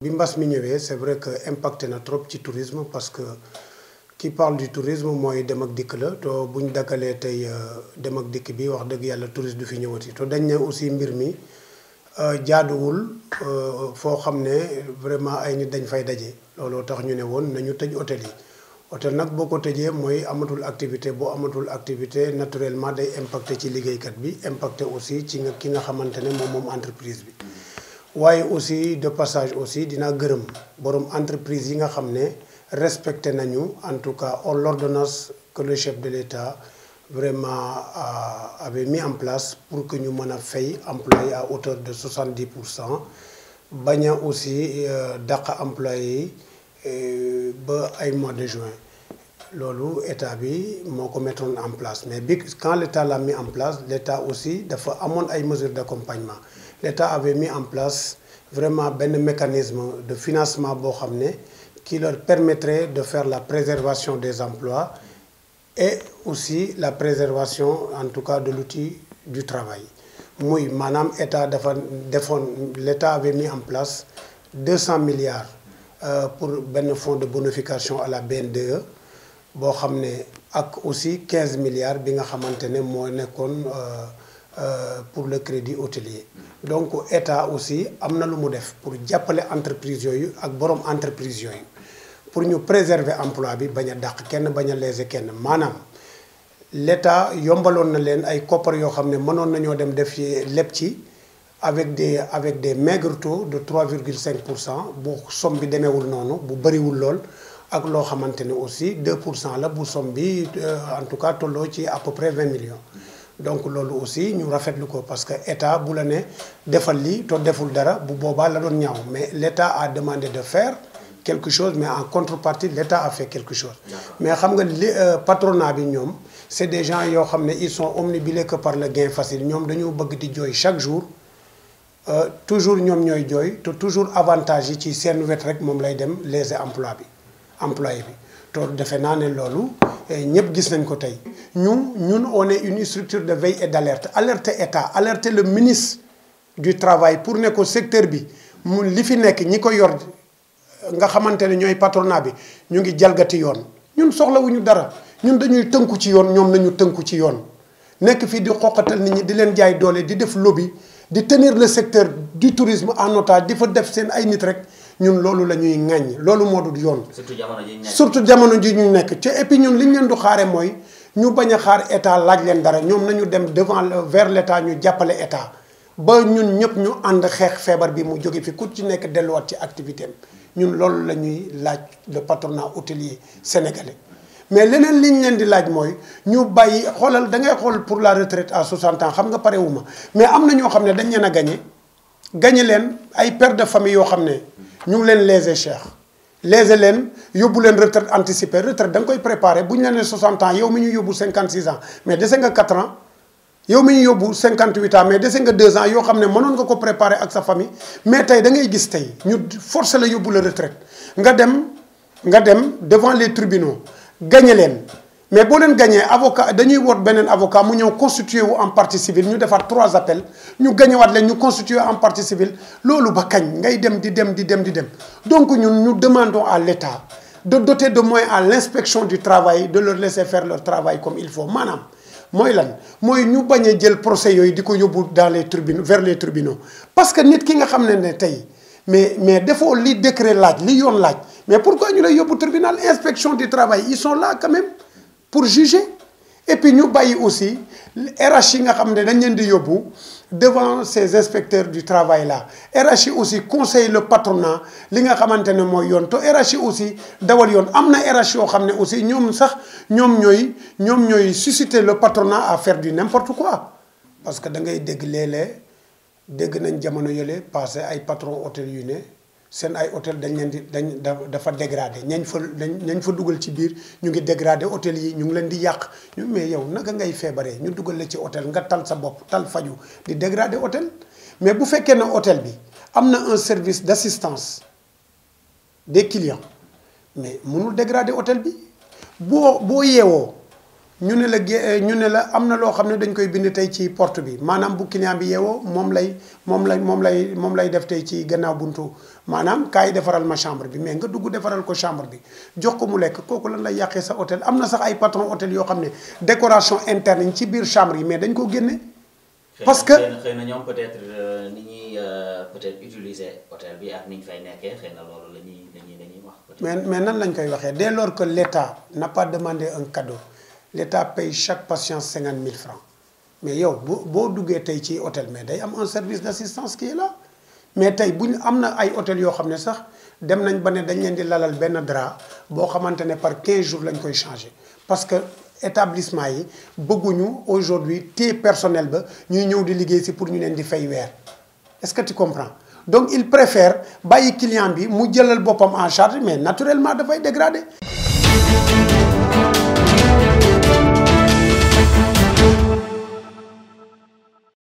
bi mbas mi c'est vrai que impacté na trop ci tourisme parce que qui parle du tourisme moy dem ak dikk la to buñ ñu tay euh, dem ak dik bi wax dëgg yalla touriste du fi ñëwati to dañ aussi mbir mi euh, jaaduwul euh, foo xam vraiment ay nit dañ fay dajé looloo tax ñu né won nañu tëj hôtel yi hôtel nak boko ko moy amatul activité bo amatul activité naturellement day impacté ci kat bi impacté aussi ci nga ki nga xamante ne mom moom entreprise bi waaye aussi de passage aussi dina gërëm borom entreprise yi nga xamné respecté nañu en tout cas l'ordonnance que le chef de l'État vraiment euh, avait mis en place pour que nous mën des fay à hauteur de 70 Nous avons aussi euh, dàq employé euh, ba ay mois de juin L'État état bi moko en place mais quand l'État l'a mis en place l'État a aussi dafa des ay mesures d'accompagnement l'État avait mis en place vraiment un mécanisme de financement qui leur permettrait de faire la préservation des emplois et aussi la préservation en tout cas de l'outil du travail Oui, l'État avait mis en place 200 milliards euh, pour un fonds de bonification à la BNDE et aussi 15 milliards euh, pour le crédit hôtelier donc l'État aussi fait ce lu mu def pour jàppale entreprises et ak borom entreprises pour ñu préserver l'emploi, bi bañ a kenn a fait kenn maanaam l'état yombalon na len, ay koppar yoo xam ne mënoon dem def avec des avec des maigres taux de 3,5 pour les bu qui bi demeewul noonu bu bëriwul lool ak aussi 2 pour ce la bu fait, euh, en tout cas ci à peu près 20 millions donc nous aussi ñu parce que état bu la to mais a demandé de faire quelque chose mais en contrepartie l'État a fait quelque chose. mais xam nga euh, patronat bi des gens ils sont omnibulés que par le gain facile ñom dañu bëgg chaque jour euh, toujours ñom toujours avantage eh, ñëpp gis nañ ko tey ñun ñun on est une structure de veille et d'alerte alerte état alerter le ministre du travail pour ne ko secteur bi mu li fi nekk ñi ko yor nga xamantene ñoy patronat bi ñu ngi jalgati yoon ñun soxla wuñu dara ñun dañuy tënku ci yoon ñom nañu tënku ci yoon nekk fi di xoxatal nit ñi di leen jaay doole di def lobby di tenir le secteur du tourisme en otage di fa def seen ay nit rek ñun loolu la ñuy ŋaññ loolu moo dul yoon. surtout jamono ji ñu nekk surtout jamono ji ñu nekk te et puis ñu leen du xaare mooy ñu bañ xaar état laaj leen dara ñoom nañu dem devant vers l' état ñu jàppale état ba ñun ñëpp ñu ànd xeex feebar bi mu jóge fi ku ci nekk delluwaat ci activité ñun loolu la ñuy laaj le patronat hôtelier sénégalais. mais leneen li ñu leen di laaj mooy ñu bàyyi xoolal da ngay xool pour la retraite à 60 ans xam nga pare ma mais am na ñoo xam ne dañ leen a gagné gagné leen ay pères de famille yoo xam ne. Nous les les léser Les élèves, ils yóbbu une retraite anticipée retraite donc ils koy préparer avez 60 ans yow avez 56 ans mais dese nga 4 ans yow avez 58 ans mais dese nga 2 ans vous avez ne mënoon préparer avec sa famille mais vous avez ils gis tey ñu forcer la retraite nga dem nga devant les tribunaux gagné les mais si on gagner avocat dañuy avocat nous avons constitué en partie civile devons faire trois appels nous gagnons gagné, en partie civile ce ba kañ ngay dem di donc nous demandons à l'État de doter de moyens à l'inspection du travail de leur laisser faire leur travail comme il faut Madame, nous lan mooy ñu bañ procès dans les tribunaux vers les tribunaux parce que nous ki nga xam ne mais mais defoo li décret là li yoon mais pourquoi ñu lay le tribunal inspection du travail ils sont là quand même pour juger et puis nous aussi RH nga devant ces inspecteurs du travail là RH aussi conseille le patronat li nga nous aussi dawal y a RH aussi nous sax le patronat à faire du n'importe quoi parce que da ngay dégg dégg nañ jamono nous patron hôtel sen ay hôtel dañ leen di dañ dafa dégrader ñañ fa ñañ fa duggal ci biir ñu ngi dégrader hôtel yi ñu ngi leen di yàq ñu mais yow naka ngay feebaree ñu duggal la ci hôtel nga tal sa bopp tal faju di dégrader hôtel mais bu fekkee ne hôtel bi am na un service d'assistance des clients mais munu dégrader hôtel bi boo boo yeewoo ñu ne la euh, ñu ne la am na loo xam ne dañ koy bind tey ci porte bi maanaam bu client bi yeewoo moom lay moom lay moom lay moom lay def tey ci gannaaw buntu maanaam kaay defaral ma chambre bi mais nga dugg defaral ko chambre bi jox ko mu lekk kooku lan lay yàqee sa hôtel am na sax ay patron hôtel yoo xam ne décoration interne yi ci biir chambre yi mais dañ ko génne. parce que xëy na ñoom peut-être euh, ni euh, utiliser hôtel bi ak ni ñu fay nekkee mais nan lañ koy waxee dès lors que l'État n'a pas demandé un cadeau. l'État paye chaque patient 50 000 francs mais yo, boo dougué duggee un hôtel il y a un service d'assistance qui est là mais si tu ñu un hôtel yo xam ne sax dem nañ ba dañ leen di lalal drap par 15 jours changer parce que établissement yi bëgguñu aujourd'hui téye personnel ba ñuy ñëw pour ñu faire di est-ce que tu comprends donc il préfère le client bi mu jëlal en charge mais naturellement dafay dégrader.